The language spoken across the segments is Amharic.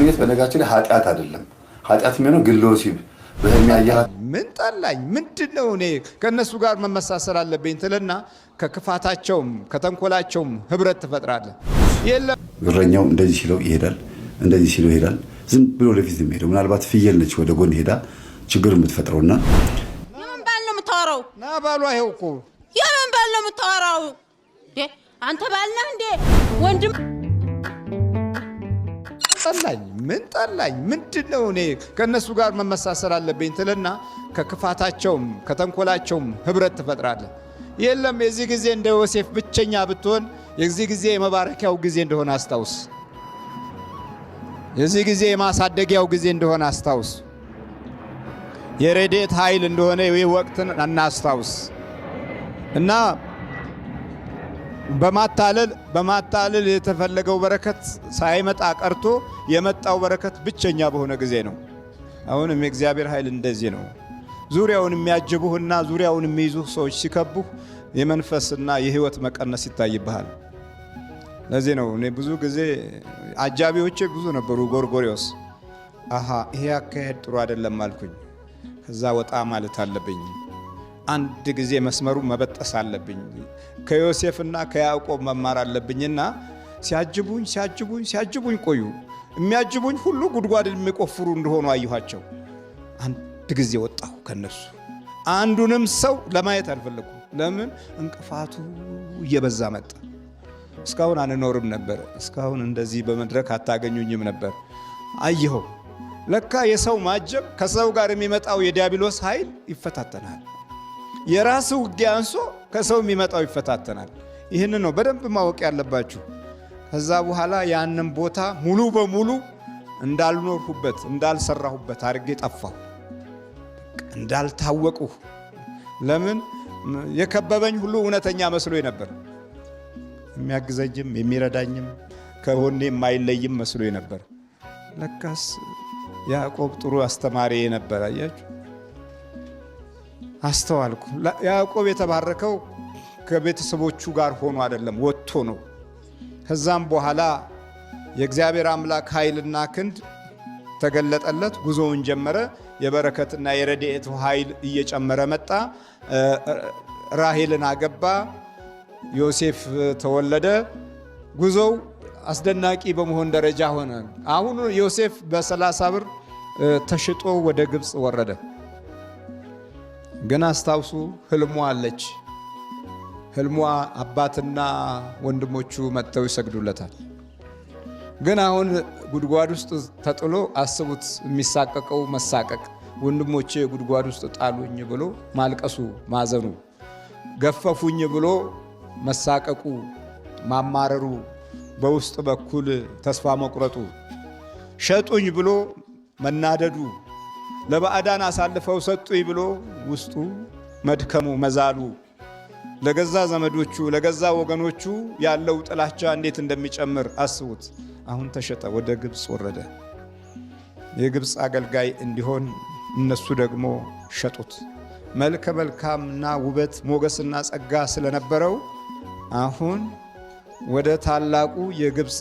ግንኙነት በነጋችን ላይ ኃጢአት አይደለም። ኃጢአት የሚሆነው ግለ ወሲብ ምን ጠላኝ ምንድን ነው እኔ ከእነሱ ጋር መመሳሰል አለብኝ ትልና ከክፋታቸውም ከተንኮላቸውም ህብረት ትፈጥራለህ። የለም እረኛው እንደዚህ ሲለው ይሄዳል፣ እንደዚህ ሲለው ይሄዳል። ዝም ብሎ ለፊት የሚሄደው ምናልባት ፍየል ነች ወደ ጎን ሄዳ ችግር የምትፈጥረውና የምን ባል ነው የምታወራው? ና ባሏ ይኸው እኮ የምን ባል ነው የምታወራው? አንተ ባልና እንዴ ወንድም ጠላኝ፣ ምን ጠላኝ፣ ምንድን ነው እኔ ከእነሱ ጋር መመሳሰል አለብኝ ትልና ከክፋታቸውም ከተንኮላቸውም ህብረት ትፈጥራለህ። የለም የዚህ ጊዜ እንደ ዮሴፍ ብቸኛ ብትሆን የዚህ ጊዜ የመባረኪያው ጊዜ እንደሆነ አስታውስ። የዚህ ጊዜ የማሳደጊያው ጊዜ እንደሆነ አስታውስ። የረዴት ኃይል እንደሆነ ይህ ወቅትን እናስታውስ እና በማታለል በማታለል የተፈለገው በረከት ሳይመጣ ቀርቶ የመጣው በረከት ብቸኛ በሆነ ጊዜ ነው። አሁንም የእግዚአብሔር ኃይል እንደዚህ ነው። ዙሪያውን የሚያጅቡህና ዙሪያውን የሚይዙህ ሰዎች ሲከቡህ የመንፈስና የህይወት መቀነስ ይታይብሃል። ለዚህ ነው እኔ ብዙ ጊዜ አጃቢዎቼ ብዙ ነበሩ። ጎርጎሪዎስ አሃ ይሄ አካሄድ ጥሩ አይደለም አልኩኝ። ከዛ ወጣ ማለት አለብኝ። አንድ ጊዜ መስመሩ መበጠስ አለብኝ፣ ከዮሴፍና ከያዕቆብ መማር አለብኝና ሲያጅቡኝ ሲያጅቡኝ ሲያጅቡኝ ቆዩ። የሚያጅቡኝ ሁሉ ጉድጓድ የሚቆፍሩ እንደሆኑ አየኋቸው። አንድ ጊዜ ወጣሁ ከነሱ። አንዱንም ሰው ለማየት አልፈለኩም። ለምን? እንቅፋቱ እየበዛ መጣ። እስካሁን አንኖርም ነበር። እስካሁን እንደዚህ በመድረክ አታገኙኝም ነበር። አየኸው፣ ለካ የሰው ማጀብ ከሰው ጋር የሚመጣው የዲያብሎስ ኃይል ይፈታተናል። የራስ ውጊያ አንሶ ከሰው የሚመጣው ይፈታተናል። ይህን ነው በደንብ ማወቅ ያለባችሁ። ከዛ በኋላ ያንን ቦታ ሙሉ በሙሉ እንዳልኖርሁበት እንዳልሰራሁበት አድርጌ ጠፋሁ፣ እንዳልታወቁሁ ለምን የከበበኝ ሁሉ እውነተኛ መስሎ ነበር። የሚያግዘኝም የሚረዳኝም ከሆኔ የማይለይም መስሎ ነበር። ለካስ ያዕቆብ ጥሩ አስተማሪ ነበር። አያችሁ። አስተዋልኩ። ያዕቆብ የተባረከው ከቤተሰቦቹ ጋር ሆኖ አይደለም፣ ወጥቶ ነው። ከዛም በኋላ የእግዚአብሔር አምላክ ኃይልና ክንድ ተገለጠለት። ጉዞውን ጀመረ። የበረከትና የረድኤቱ ኃይል እየጨመረ መጣ። ራሄልን አገባ። ዮሴፍ ተወለደ። ጉዞው አስደናቂ በመሆን ደረጃ ሆነ። አሁን ዮሴፍ በሰላሳ ብር ተሽጦ ወደ ግብፅ ወረደ። ግን አስታውሱ፣ ህልሟ አለች። ህልሟ አባትና ወንድሞቹ መጥተው ይሰግዱለታል። ግን አሁን ጉድጓድ ውስጥ ተጥሎ አስቡት፣ የሚሳቀቀው መሳቀቅ፣ ወንድሞቼ ጉድጓድ ውስጥ ጣሉኝ ብሎ ማልቀሱ፣ ማዘኑ፣ ገፈፉኝ ብሎ መሳቀቁ፣ ማማረሩ፣ በውስጥ በኩል ተስፋ መቁረጡ፣ ሸጡኝ ብሎ መናደዱ ለባዕዳን አሳልፈው ሰጡኝ ብሎ ውስጡ መድከሙ መዛሉ ለገዛ ዘመዶቹ ለገዛ ወገኖቹ ያለው ጥላቻ እንዴት እንደሚጨምር አስቡት። አሁን ተሸጠ፣ ወደ ግብፅ ወረደ። የግብፅ አገልጋይ እንዲሆን እነሱ ደግሞ ሸጡት። መልከ መልካምና ውበት ሞገስና ጸጋ ስለነበረው አሁን ወደ ታላቁ የግብፅ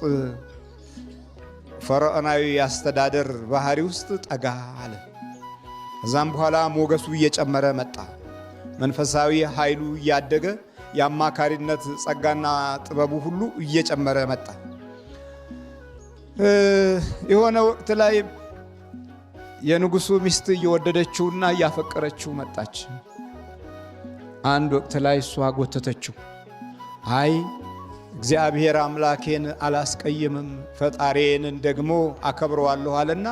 ፈርዖናዊ አስተዳደር ባህሪ ውስጥ ጠጋ አለ። ከዛም በኋላ ሞገሱ እየጨመረ መጣ። መንፈሳዊ ኃይሉ እያደገ የአማካሪነት ጸጋና ጥበቡ ሁሉ እየጨመረ መጣ። የሆነ ወቅት ላይ የንጉሱ ሚስት እየወደደችውና እያፈቀረችው መጣች። አንድ ወቅት ላይ እሷ ጎተተችው። አይ እግዚአብሔር አምላኬን አላስቀይምም፣ ፈጣሪዬንን ደግሞ አከብረዋለሁ አለና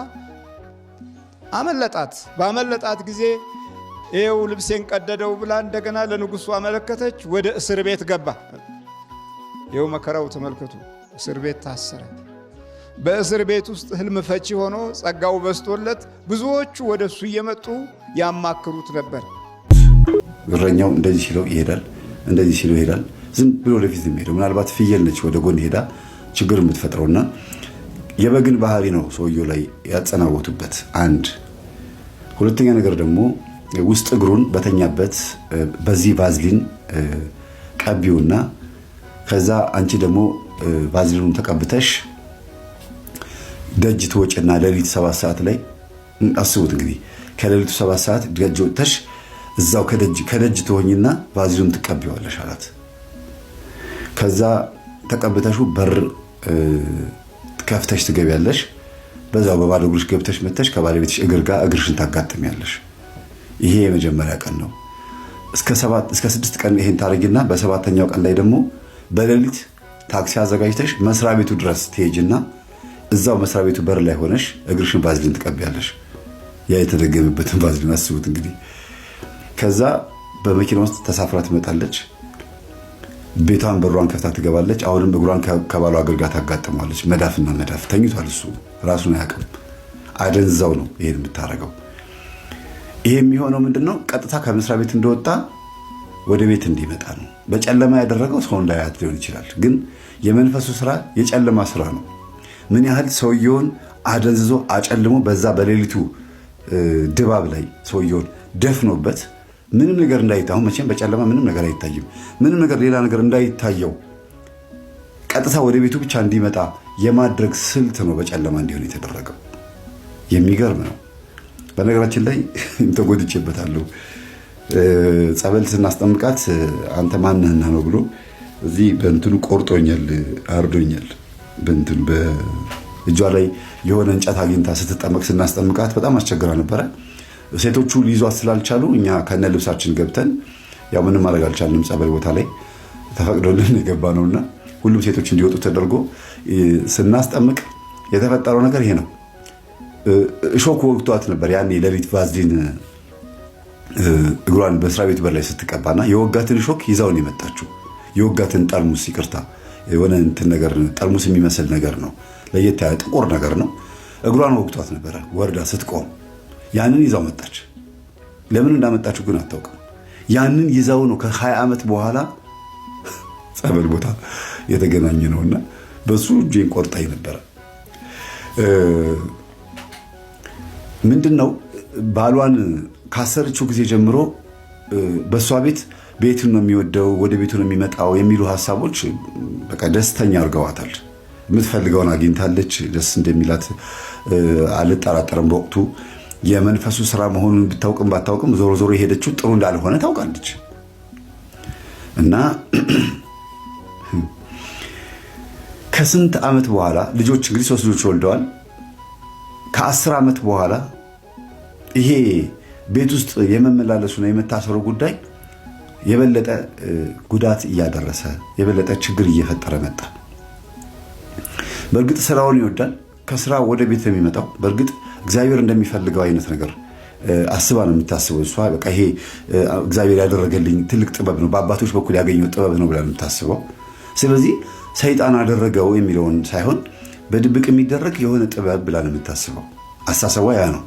አመለጣት። ባመለጣት ጊዜ ይኸው ልብሴን ቀደደው ብላ እንደገና ለንጉሱ አመለከተች። ወደ እስር ቤት ገባ። ይኸው መከራው ተመልከቱ። እስር ቤት ታሰረ። በእስር ቤት ውስጥ ህልም ፈቺ ሆኖ ጸጋው በስቶለት ብዙዎቹ ወደ እሱ እየመጡ ያማክሩት ነበር። እረኛው እንደዚህ ሲለው ይሄዳል፣ እንደዚህ ሲለው ይሄዳል። ዝም ብሎ ወደፊት የሚሄደው። ምናልባት ፍየል ነች ወደ ጎን ሄዳ ችግር የምትፈጥረውና የበግን ባህሪ ነው ሰውየው ላይ ያጸናወቱበት። አንድ ሁለተኛ ነገር ደግሞ ውስጥ እግሩን በተኛበት በዚህ ቫዝሊን ቀቢውና ከዛ አንቺ ደግሞ ቫዝሊኑን ተቀብተሽ ደጅ ትወጭና ሌሊት ሰባት ሰዓት ላይ አስቡት እንግዲህ ከሌሊቱ ሰባት ሰዓት ደጅ ወጥተሽ እዛው ከደጅ ትሆኝና ቫዝሊኑን ትቀቢዋለሽ አላት። ከዛ ተቀብተሹ በር ከፍተሽ ትገቢያለሽ። በዛው በባዶ እግርሽ ገብተሽ መተሽ ከባለቤትሽ እግር ጋር እግርሽን ታጋጥሚያለሽ። ይሄ የመጀመሪያ ቀን ነው። እስከ ስድስት ቀን ይሄን ታደርጊና በሰባተኛው ቀን ላይ ደግሞ በሌሊት ታክሲ አዘጋጅተሽ መስሪያ ቤቱ ድረስ ትሄጅና እዛው መስሪያ ቤቱ በር ላይ ሆነሽ እግርሽን ቫዝሊን ትቀቢያለሽ። ያ የተደገመበትን ቫዝሊን አስቡት እንግዲህ። ከዛ በመኪና ውስጥ ተሳፍራ ትመጣለች። ቤቷን በሯን ከፍታ ትገባለች። አሁንም እግሯን ከባሏ እግር ጋር ታጋጥመዋለች። መዳፍና መዳፍ ተኝቷል። እሱ ራሱን አያውቅም። አደንዛው ነው ይሄን የምታደርገው። ይሄ የሚሆነው ምንድን ነው? ቀጥታ ከመስሪያ ቤት እንደወጣ ወደ ቤት እንዲመጣ ነው። በጨለማ ያደረገው ሰው እንዳያት ሊሆን ይችላል። ግን የመንፈሱ ስራ የጨለማ ስራ ነው። ምን ያህል ሰውየውን አደንዝዞ አጨልሞ በዛ በሌሊቱ ድባብ ላይ ሰውየውን ደፍኖበት ምንም ነገር እንዳይታይ አሁን መቼም በጨለማ ምንም ነገር አይታይም። ምንም ነገር ሌላ ነገር እንዳይታየው ቀጥታ ወደ ቤቱ ብቻ እንዲመጣ የማድረግ ስልት ነው በጨለማ እንዲሆን የተደረገው። የሚገርም ነው። በነገራችን ላይ ተጎድቼበታለሁ። ጸበል ስናስጠምቃት አንተ ማንህና ነው ብሎ እዚህ በእንትኑ ቆርጦኛል፣ አርዶኛል። በእንትኑ በእጇ ላይ የሆነ እንጨት አግኝታ ስትጠመቅ ስናስጠምቃት በጣም አስቸግራ ነበረ። ሴቶቹ ሊይዟት ስላልቻሉ እኛ ከነ ልብሳችን ገብተን ያው ምንም ማድረግ አልቻልንም። ጸበል ቦታ ላይ ተፈቅዶልን የገባ ነውና ሁሉም ሴቶች እንዲወጡ ተደርጎ ስናስጠምቅ የተፈጠረው ነገር ይሄ ነው። እሾክ ወግቷት ነበር ያኔ ሌሊት ቫዝሊን እግሯን በስራ ቤት በር ላይ ስትቀባና የወጋትን እሾክ ይዛውን የመጣችው የወጋትን ጠርሙስ ይቅርታ፣ የሆነ እንትን ነገር ጠርሙስ የሚመስል ነገር ነው። ለየት ያለ ጥቁር ነገር ነው። እግሯን ወግቷት ነበረ ወርዳ ስትቆም ያንን ይዛው መጣች። ለምን እንዳመጣችሁ ግን አታውቅም። ያንን ይዛው ነው ከ20 ዓመት በኋላ ጸበል ቦታ የተገናኘ ነውና በሱ እጄን ቆርጣኝ ነበረ። ምንድን ነው ባሏን ካሰረችው ጊዜ ጀምሮ በእሷ ቤት ቤቱን ነው የሚወደው ወደ ቤቱ ነው የሚመጣው የሚሉ ሀሳቦች በቃ ደስተኛ አድርገዋታል። የምትፈልገውን አግኝታለች። ደስ እንደሚላት አልጠራጠርም በወቅቱ የመንፈሱ ስራ መሆኑን ብታውቅም ባታውቅም ዞሮ ዞሮ የሄደችው ጥሩ እንዳልሆነ ታውቃለች። እና ከስንት ዓመት በኋላ ልጆች እንግዲህ ሶስት ልጆች ወልደዋል። ከአስር ዓመት በኋላ ይሄ ቤት ውስጥ የመመላለሱና የመታሰሩ ጉዳይ የበለጠ ጉዳት እያደረሰ የበለጠ ችግር እየፈጠረ መጣ። በእርግጥ ስራውን ይወዳል። ከስራ ወደ ቤት የሚመጣው በእርግጥ እግዚአብሔር እንደሚፈልገው አይነት ነገር አስባ ነው የምታስበው። እሷ በቃ ይሄ እግዚአብሔር ያደረገልኝ ትልቅ ጥበብ ነው፣ በአባቶች በኩል ያገኘው ጥበብ ነው ብላ ነው የምታስበው። ስለዚህ ሰይጣን አደረገው የሚለውን ሳይሆን በድብቅ የሚደረግ የሆነ ጥበብ ብላ ነው የምታስበው። አሳሰቧ ያ ነው።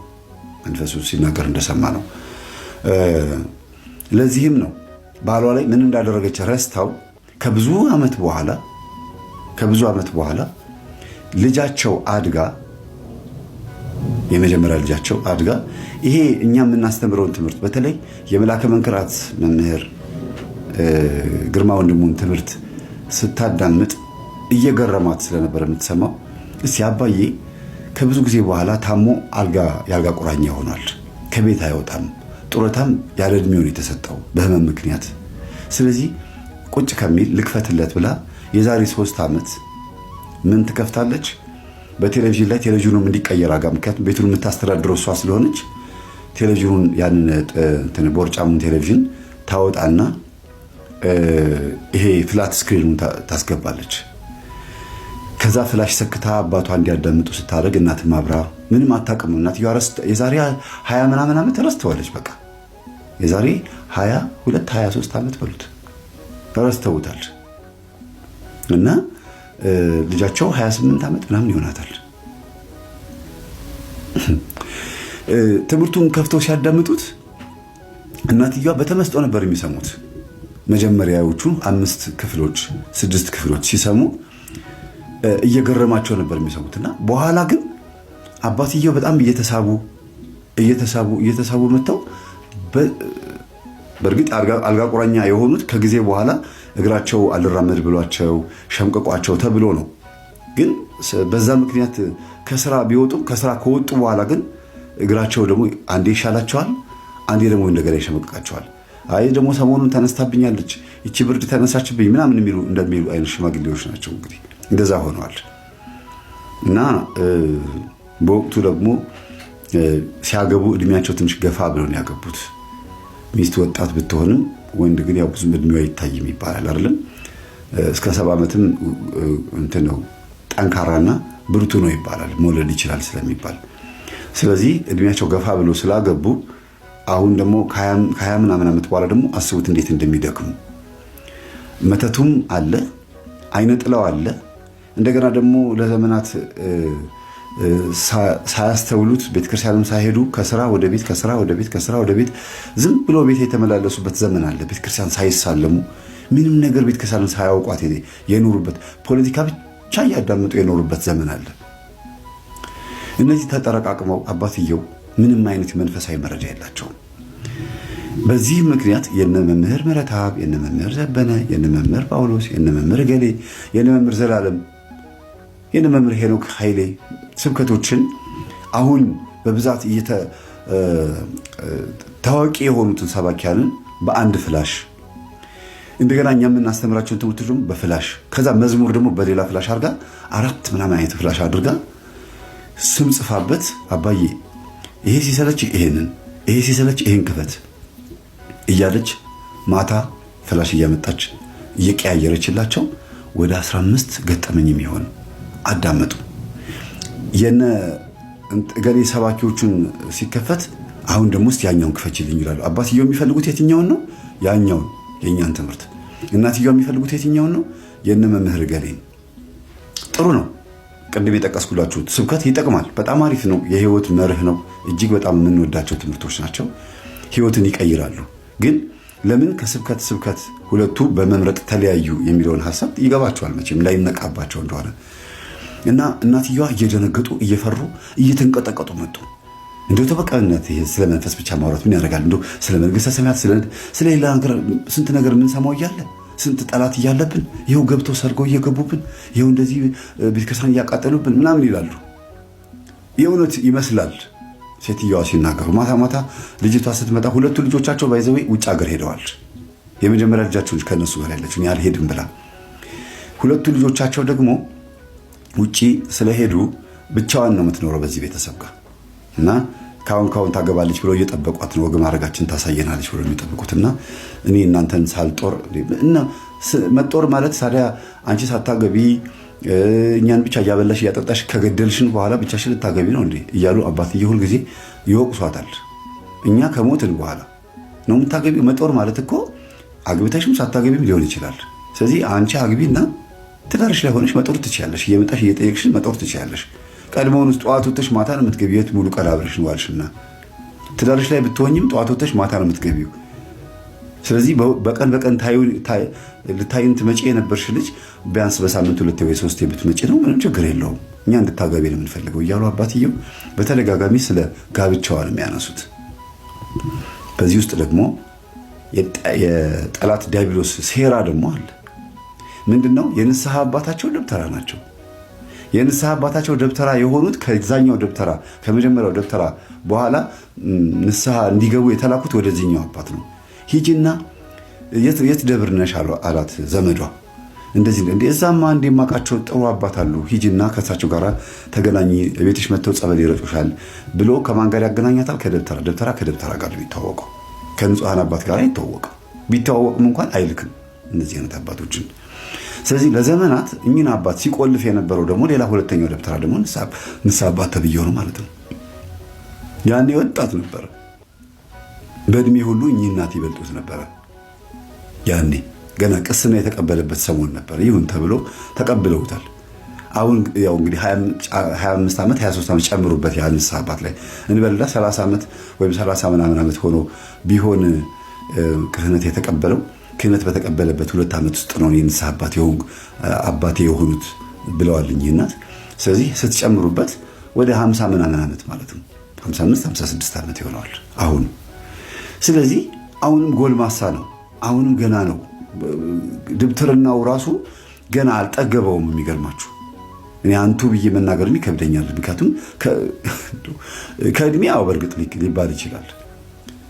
መንፈሱ ሲናገር እንደሰማ ነው። ለዚህም ነው ባሏ ላይ ምን እንዳደረገች ረስታው ከብዙ ዓመት በኋላ ከብዙ ዓመት በኋላ ልጃቸው አድጋ የመጀመሪያ ልጃቸው አድጋ ይሄ እኛ የምናስተምረውን ትምህርት በተለይ የመላከ መንክራት መምህር ግርማ ወንድሙን ትምህርት ስታዳምጥ እየገረማት ስለነበረ የምትሰማው እስቲ አባዬ ከብዙ ጊዜ በኋላ ታሞ አልጋ የአልጋ ቁራኛ ሆኗል። ከቤት አይወጣም። ጡረታም ያለ የተሰጠው በህመም ምክንያት። ስለዚህ ቁጭ ከሚል ልክፈትለት ብላ የዛሬ ሶስት ዓመት ምን ትከፍታለች? በቴሌቪዥን ላይ ቴሌቪዥኑም እንዲቀየር አጋ ምክንያቱም ቤቱን የምታስተዳድረው እሷ ስለሆነች ቴሌቪዥኑን ያንን ቦርጫሙን ቴሌቪዥን ታወጣና ይሄ ፍላት ስክሪኑ ታስገባለች። ከዛ ፍላሽ ሰክታ አባቷ እንዲያዳምጡ ስታደርግ እናት ማብራ ምንም አታውቅም። እናትየዋ የዛሬ ሀያ ምናምን ዓመት ረስተዋለች። በቃ የዛሬ ሀያ ሁለት ሀያ ሶስት ዓመት በሉት ረስተውታል እና ልጃቸው 28 ዓመት ምናምን ይሆናታል። ትምህርቱን ከፍተው ሲያዳምጡት እናትየዋ በተመስጦ ነበር የሚሰሙት። መጀመሪያዎቹ አምስት ክፍሎች ስድስት ክፍሎች ሲሰሙ እየገረማቸው ነበር የሚሰሙት እና በኋላ ግን አባትየው በጣም እየተሳቡ እየተሳቡ እየተሳቡ መጥተው በእርግጥ አልጋ ቁራኛ የሆኑት ከጊዜ በኋላ እግራቸው አልራመድ ብሏቸው ሸምቀቋቸው ተብሎ ነው። ግን በዛ ምክንያት ከስራ ቢወጡም ከስራ ከወጡ በኋላ ግን እግራቸው ደግሞ አንዴ ይሻላቸዋል፣ አንዴ ደግሞ እንደገና ይሸመቅቃቸዋል። አይ ደግሞ ሰሞኑን ተነስታብኛለች፣ ይቺ ብርድ ተነሳችብኝ ምናምን የሚሉ እንደሚሉ አይነት ሽማግሌዎች ናቸው። እንግዲህ እንደዛ ሆነዋል እና በወቅቱ ደግሞ ሲያገቡ እድሜያቸው ትንሽ ገፋ ብለው ነው ያገቡት። ሚስት ወጣት ብትሆንም ወንድ ግን ያው ብዙም እድሜው አይታይም ይባላል አይደለም። እስከ ሰባ ዓመትም እንትን ነው ጠንካራና ብርቱ ነው ይባላል መውለድ ይችላል ስለሚባል። ስለዚህ እድሜያቸው ገፋ ብሎ ስላገቡ አሁን ደግሞ ከሀያ ምናምን ዓመት በኋላ ደግሞ አስቡት እንዴት እንደሚደክሙ። መተቱም አለ፣ አይነ ጥላው አለ። እንደገና ደግሞ ለዘመናት ሳያስተውሉት ቤተክርስቲያንም ሳይሄዱ ከስራ ወደ ቤት ከስራ ወደ ቤት ከስራ ወደ ቤት ዝም ብሎ ቤት የተመላለሱበት ዘመን አለ። ቤተክርስቲያን ሳይሳለሙ ምንም ነገር ቤተክርስቲያንን ሳያውቋት የኖሩበት ፖለቲካ ብቻ እያዳመጡ የኖሩበት ዘመን አለ። እነዚህ ተጠረቃቅመው አባትየው ምንም አይነት መንፈሳዊ መረጃ የላቸውም። በዚህ ምክንያት የነ መምህር ምረትአብ፣ የነ መምህር ዘበነ፣ የነ መምህር ጳውሎስ፣ የነ መምህር ገሌ፣ የነ መምህር ዘላለም የነ መምህር ሄኖክ ኃይሌ ስብከቶችን አሁን በብዛት ታዋቂ የሆኑትን ሰባኪያንን በአንድ ፍላሽ እንደገና እኛ የምናስተምራቸውን ትምህርቶች ደግሞ በፍላሽ ከዛ መዝሙር ደግሞ በሌላ ፍላሽ አድርጋ አራት ምናምን አይነት ፍላሽ አድርጋ ስም ጽፋበት አባዬ ይሄ ሲሰለች ይሄንን ይሄ ሲሰለች ይሄን ክፈት እያለች ማታ ፍላሽ እያመጣች እየቀያየረችላቸው ወደ 15 ገጠመኝ የሚሆን አዳመጡ። የነ ገሌ ሰባኪዎቹን ሲከፈት አሁን ደግሞ ስ ያኛውን ክፈችልኝ ይላሉ። አባትየው የሚፈልጉት የትኛውን ነው? ያኛውን የእኛን ትምህርት። እናትየው የሚፈልጉት የትኛውን ነው? የነ መምህር ገሌን። ጥሩ ነው። ቅድም የጠቀስኩላችሁት ስብከት ይጠቅማል። በጣም አሪፍ ነው። የህይወት መርህ ነው። እጅግ በጣም የምንወዳቸው ትምህርቶች ናቸው። ህይወትን ይቀይራሉ። ግን ለምን ከስብከት ስብከት ሁለቱ በመምረጥ ተለያዩ የሚለውን ሀሳብ ይገባቸዋል መቼም እንዳይነቃባቸው እንደሆነ እና እናትየዋ እየደነገጡ እየፈሩ እየተንቀጠቀጡ መጡ። እንደ ተበቃነት ስለ መንፈስ ብቻ ማውራት ምን ያደርጋል? እንደ ስለ መንግስተ ሰማያት ስለ ሌላ ነገር ስንት ነገር የምንሰማው እያለ ስንት ጠላት እያለብን ይኸው ገብተው ሰርገው እየገቡብን ይኸው እንደዚህ ቤተክርስቲያን እያቃጠሉብን ምናምን ይላሉ። የእውነት ይመስላል ሴትየዋ ሲናገሩ። ማታ ማታ ልጅቷ ስትመጣ ሁለቱ ልጆቻቸው ባይዘዌ ውጭ ሀገር ሄደዋል። የመጀመሪያ ልጃቸው ከእነሱ ጋር ያለችው አልሄድም ብላ ሁለቱ ልጆቻቸው ደግሞ ውጪ ስለሄዱ ብቻዋን ነው የምትኖረው በዚህ ቤተሰብ ጋር እና ካሁን ካሁን ታገባለች ብለው እየጠበቋት ነው። ወግ ማድረጋችን ታሳየናለች ብለው የሚጠብቁት እና እኔ እናንተን ሳልጦር እና መጦር ማለት ታዲያ አንቺ ሳታገቢ እኛን ብቻ እያበላሽ እያጠጣሽ ከገደልሽን በኋላ ብቻሽን ልታገቢ ነው እንዴ እያሉ አባትዬ ሁል ጊዜ ይወቅሷታል። እኛ ከሞትን በኋላ ነው የምታገቢ። መጦር ማለት እኮ አግብተሽም ሳታገቢም ሊሆን ይችላል። ስለዚህ አንቺ አግቢና ትዳርሽ ላይ ሆነሽ መጦር ትችያለሽ። እየመጣሽ እየጠየቅሽ መጦር ትችያለሽ። ውስጥ ጠዋት ወተሽ ማታ ነው የምትገቢው። የት ሙሉ ቀላ ብለሽ ዋልሽና ትዳርሽ ላይ ብትሆኝም ጠዋት ወተሽ ማታ ነው የምትገቢው። ስለዚህ በቀን በቀን ልታዩን ትመጪ የነበርሽ ልጅ ቢያንስ በሳምንት ሁለት ወይ ሶስት ብትመጪ ነው ምንም ችግር የለውም እኛ እንድታጋቢ ነው የምንፈልገው እያሉ አባትየው በተደጋጋሚ ስለ ጋብቻዋ ነው የሚያነሱት። በዚህ ውስጥ ደግሞ የጠላት ዲያብሎስ ሴራ ደግሞ አለ። ምንድን ነው የንስሐ አባታቸው ደብተራ ናቸው። የንስሐ አባታቸው ደብተራ የሆኑት ከዛኛው ደብተራ ከመጀመሪያው ደብተራ በኋላ ንስሐ እንዲገቡ የተላኩት ወደዚህኛው አባት ነው። ሂጂና የት ደብር ነሽ አላት ዘመዷ። እንደዚህ እንደ እዛማ እንደማውቃቸው ጥሩ አባት አሉ፣ ሂጂና ከእሳቸው ጋር ተገናኝ፣ ቤትሽ መጥተው ጸበል ይረጩሻል ብሎ ከማን ጋር ያገናኛታል? ከደብተራ ደብተራ ከደብተራ ጋር ቢተዋወቀው ከንጹሐን አባት ጋር ይተዋወቀው ቢተዋወቅም እንኳን አይልክም እነዚህ አይነት አባቶችን ስለዚህ ለዘመናት እኚህን አባት ሲቆልፍ የነበረው ደግሞ ሌላ ሁለተኛው ደብተራ ደግሞ ንስሐ አባት ተብዬው ነው ማለት ነው። ያኔ ወጣት ነበረ። በእድሜ ሁሉ እኚህ እናት ይበልጡት ነበረ። ያኔ ገና ቅስና የተቀበለበት ሰሞን ነበረ። ይሁን ተብሎ ተቀብለውታል። አሁን ያው እንግዲህ 25 ዓመት 23 ዓመት ጨምሩበት ያ ንስሐ አባት ላይ እንበላ 30 ዓመት ወይም 30 ምናምን ዓመት ሆኖ ቢሆን ክህነት የተቀበለው ክህነት በተቀበለበት ሁለት ዓመት ውስጥ ነው የንስሐ አባት አባቴ የሆኑት ብለዋልኝ እናት። ስለዚህ ስትጨምሩበት ወደ 50 ምናምን ዓመት ማለት ነው 55 56 ዓመት ይሆነዋል አሁን። ስለዚህ አሁንም ጎልማሳ ነው። አሁንም ገና ነው። ድብትርናው ራሱ ገና አልጠገበውም። የሚገርማችሁ እኔ አንቱ ብዬ መናገር ይከብደኛል። ምክንያቱም ከእድሜ ያው በእርግጥ ሊባል ይችላል፣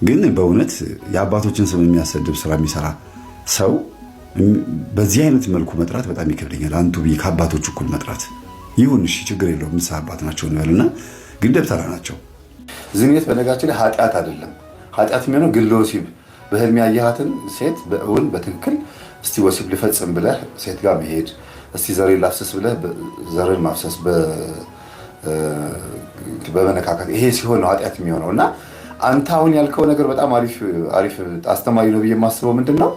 ግን በእውነት የአባቶችን ስም የሚያሰድብ ስራ የሚሰራ ሰው በዚህ አይነት መልኩ መጥራት በጣም ይከብደኛል። አንቱ ብዬ ከአባቶች እኩል መጥራት ይሁን እሺ፣ ችግር የለውም ምሳ አባት ናቸው እንበልና፣ ግን ደብተራ ናቸው። ዝግት በነጋችን ላይ ኃጢአት አይደለም። ኃጢአት የሚሆነው ግለ ወሲብ፣ በህልም ያየሃትን ሴት በእውን በትክክል እስቲ ወሲብ ልፈጽም ብለህ ሴት ጋር መሄድ፣ እስቲ ዘሬ ላፍሰስ ብለህ ዘርን ማፍሰስ በመነካከት ይሄ ሲሆን ነው ኃጢአት የሚሆነው። እና አንተ አሁን ያልከው ነገር በጣም አሪፍ አስተማሪ ነው ብዬ የማስበው ምንድን ነው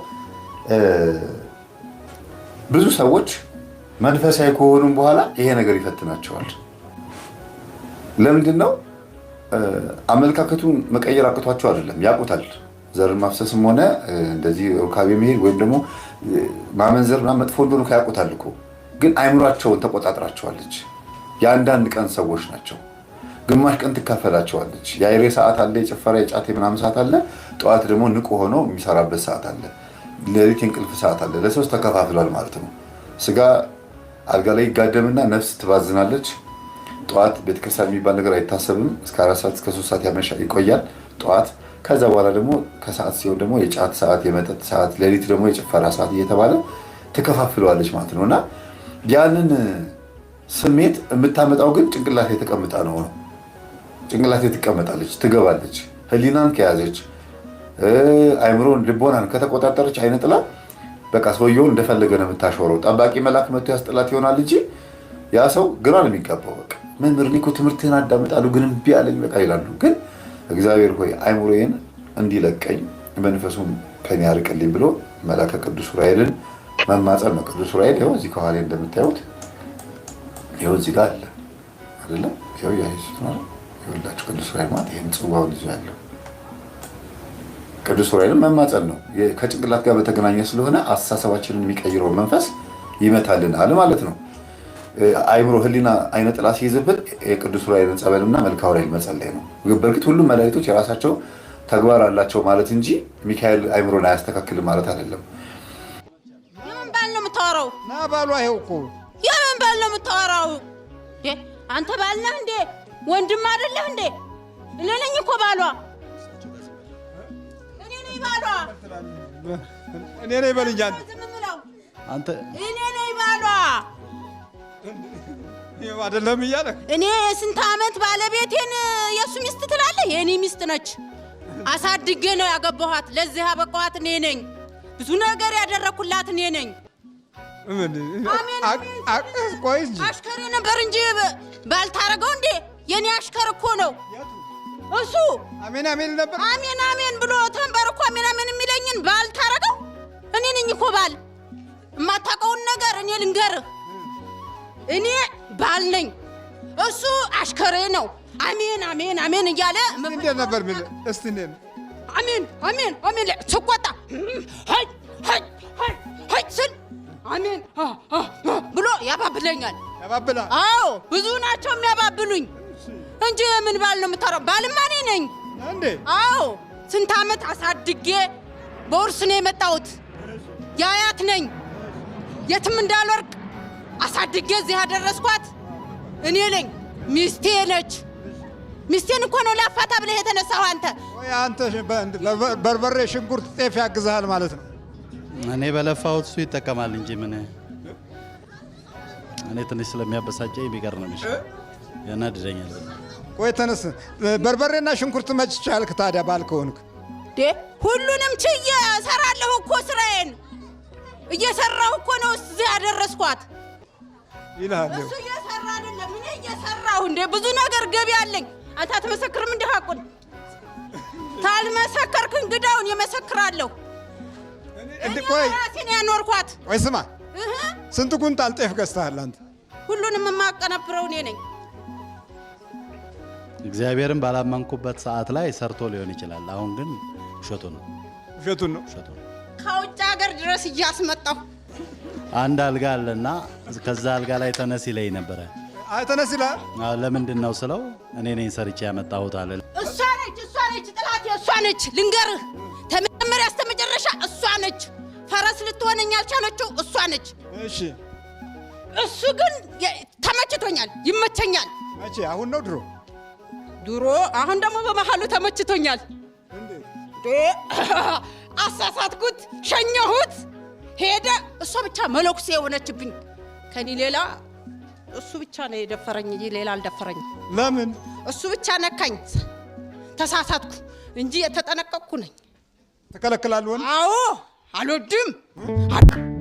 ብዙ ሰዎች መንፈሳዊ ከሆኑም በኋላ ይሄ ነገር ይፈትናቸዋል። ለምንድን ነው? አመለካከቱን መቀየር አቅቷቸው አይደለም፣ ያውቁታል። ዘር ማፍሰስም ሆነ እንደዚህ ሩካቤ መሄድ ወይም ደግሞ ማመንዘር መጥፎ እንደሆነ ያውቁታል እኮ ግን አይምሯቸውን ተቆጣጥራቸዋለች። የአንዳንድ ቀን ሰዎች ናቸው። ግማሽ ቀን ትካፈላቸዋለች። የአይሬ ሰዓት አለ፣ የጭፈራ የጫት ምናምን ሰዓት አለ። ጠዋት ደግሞ ንቁ ሆኖ የሚሰራበት ሰዓት አለ። ሌሊት የእንቅልፍ ሰዓት አለ። ለሰው ተከፋፍሏል ማለት ነው። ስጋ አልጋ ላይ ይጋደምና ነፍስ ትባዝናለች። ጠዋት ቤተክርስቲያን የሚባል ነገር አይታሰብም። እስከ አራት ሰዓት እስከ ሶስት ሰዓት ያመሻ ይቆያል ጠዋት። ከዛ በኋላ ደግሞ ከሰዓት ሲሆን ደግሞ የጫት ሰዓት፣ የመጠጥ ሰዓት፣ ሌሊት ደግሞ የጭፈራ ሰዓት እየተባለ ትከፋፍለዋለች ማለት ነው እና ያንን ስሜት የምታመጣው ግን ጭንቅላት የተቀምጣ ነው ነው ጭንቅላት ትቀመጣለች፣ ትገባለች ህሊናን ከያዘች አይምሮን ልቦናን ከተቆጣጠረች አይነ ጥላ በቃ ሰውየውን እንደፈለገ ነው የምታሾረው። ጠባቂ መልአክ መቶ ያስጥላት ይሆናል እንጂ ያ ሰው ግራ ነው የሚጋባው። በቃ መምህር እኔ እኮ ትምህርትህን አዳምጣለሁ ግን እምቢ አለኝ በቃ ይላሉ። ግን እግዚአብሔር ሆይ አይምሮዬን እንዲለቀኝ መንፈሱም ከኔ ያርቅልኝ ብሎ መልአከ ቅዱስ ዑራኤልን መማፀን ነው። ቅዱስ ዑራኤል ይኸው እዚህ ከኋላ እንደምታዩት ይኸው እዚህ ጋር አለ አይደለም። ይኸው ያየሱት ነው። ይኸውላችሁ ቅዱስ ዑራኤል ማለት ይህን ጽዋውን ይዞ ያለው ቅዱስ ዑራኤልን መማፀን ነው። ከጭንቅላት ጋር በተገናኘ ስለሆነ አስተሳሰባችንን የሚቀይረው መንፈስ ይመታልናል ማለት ነው። አይምሮ ህሊና አይነ ጥላ ሲይዝብን የቅዱስ ዑራኤልን ጸበልና መልክአ ዑራኤል መጸለይ ነው። በእርግጥ ሁሉም መላእክቶች የራሳቸው ተግባር አላቸው ማለት እንጂ ሚካኤል አይምሮን አያስተካክልም ማለት አይደለም። የምን ባል ነው የምታወራው? ና ባሏ ይኸው እኮ የምን ባል ነው የምታወራው? አንተ ባል እንዴ? ወንድም አይደለህ እንዴ? እኔ እኮ ባሏ ባሏ እኔ ነኝ በልኝ። አንተ እኔ ነኝ ባሏ አይደለም እያለ እኔ የስንት ዓመት ባለቤቴን የእሱ ሚስት ትላለህ? የእኔ ሚስት ነች። አሳድጌ ነው ያገባኋት። ለዚህ ያበቃኋት እኔ ነኝ። ብዙ ነገር ያደረኩላት እኔ ነኝ። አሽከሬ ነበር እንጂ ባልታረገው እንዴ! የእኔ አሽከር እኮ ነው። እሱ አሜን አሜን ነበር። አሜን አሜን ብሎ ተንበር እኮ አሜን አሜን የሚለኝን ባል ታረገው። እኔ ነኝ እኮ ባል። የማታውቀውን ነገር እኔ ልንገርህ፣ እኔ ባል ነኝ፣ እሱ አሽከሬ ነው። አሜን አሜን አሜን እያለ እንዴት ነበር ሚል እስቲ እንዴት አሜን አሜን አሜን ስቆጣ ሀይ ሀይ ሀይ ሀይ ስል አሜን ብሎ ያባብለኛል። ያባብላ? አዎ ብዙ ናቸው የሚያባብሉኝ እንጂ ምን ባል ነው የምታወራው? ባልማ እኔ ነኝ። አዎ ስንት ዓመት አሳድጌ በውርስ ነው የመጣሁት። የአያት ነኝ። የትም እንዳልወርቅ አሳድጌ እዚህ ያደረስኳት እኔ ነኝ። ሚስቴ ነች። ሚስቴን እኮ ነው ላፋታ ብለህ የተነሳው አንተ። አንተ በርበሬ፣ ሽንኩርት፣ ጤፍ ያግዝሃል ማለት ነው። እኔ በለፋሁት እሱ ይጠቀማል እንጂ ምን እኔ ትንሽ ስለሚያበሳጨኝ ቢቀር ነው የሚሻለው። ያናድደኛል። ቆይ ተነስ። በርበሬና ሽንኩርት መች ቻልክ ታዲያ? ባል ዴ ሁሉንም ችዬ እሰራለሁ እኮ ስራዬን እየሰራሁ እኮ ነው እዚህ ያደረስኳት ይልሃል። እሱ እየሰራ አይደለም እኔ እየሰራሁ እንዴ። ብዙ ነገር ገቢ አለኝ። አንተ አትመሰክርም? እንዲህ አቁን ታልመሰከርክ እንግዳውን የመሰክራለሁ። ራሴን ያኖርኳት። ቆይ ስማ፣ ስንት ኩንታል ጤፍ ገዝተሃል አንተ? ሁሉንም የማቀነብረው እኔ ነኝ። እግዚአብሔርን ባላመንኩበት ሰዓት ላይ ሰርቶ ሊሆን ይችላል። አሁን ግን ውሸቱ ነው ውሸቱ ነው ውሸቱን ነው። ከውጭ ሀገር ድረስ እያስመጣሁ አንድ አልጋ አለና ከዛ አልጋ ላይ ተነስ ይለኝ ነበረ። ተነስ ይላል። ለምንድን ነው ስለው እኔ ነኝ ሰርቼ ያመጣሁት አለ። እሷ ነች እሷ ነች ጥላት እሷ ነች። ልንገርህ ከመጀመሪያ እስከ መጨረሻ እሷ ነች። ፈረስ ልትሆነኝ ያልቻለችው እሷ ነች። እሱ ግን ተመችቶኛል፣ ይመቸኛል። አሁን ነው ድሮ ድሮ አሁን ደግሞ በመሀሉ ተመችቶኛል። አሳሳትኩት፣ ሸኘሁት፣ ሄደ። እሷ ብቻ መለኩሴ የሆነችብኝ ከኔ ሌላ እሱ ብቻ ነው የደፈረኝ፣ ሌላ አልደፈረኝ። ለምን እሱ ብቻ ነካኝ። ተሳሳትኩ እንጂ የተጠነቀቅኩ ነኝ። ተከለክላል። አዎ አልወድም።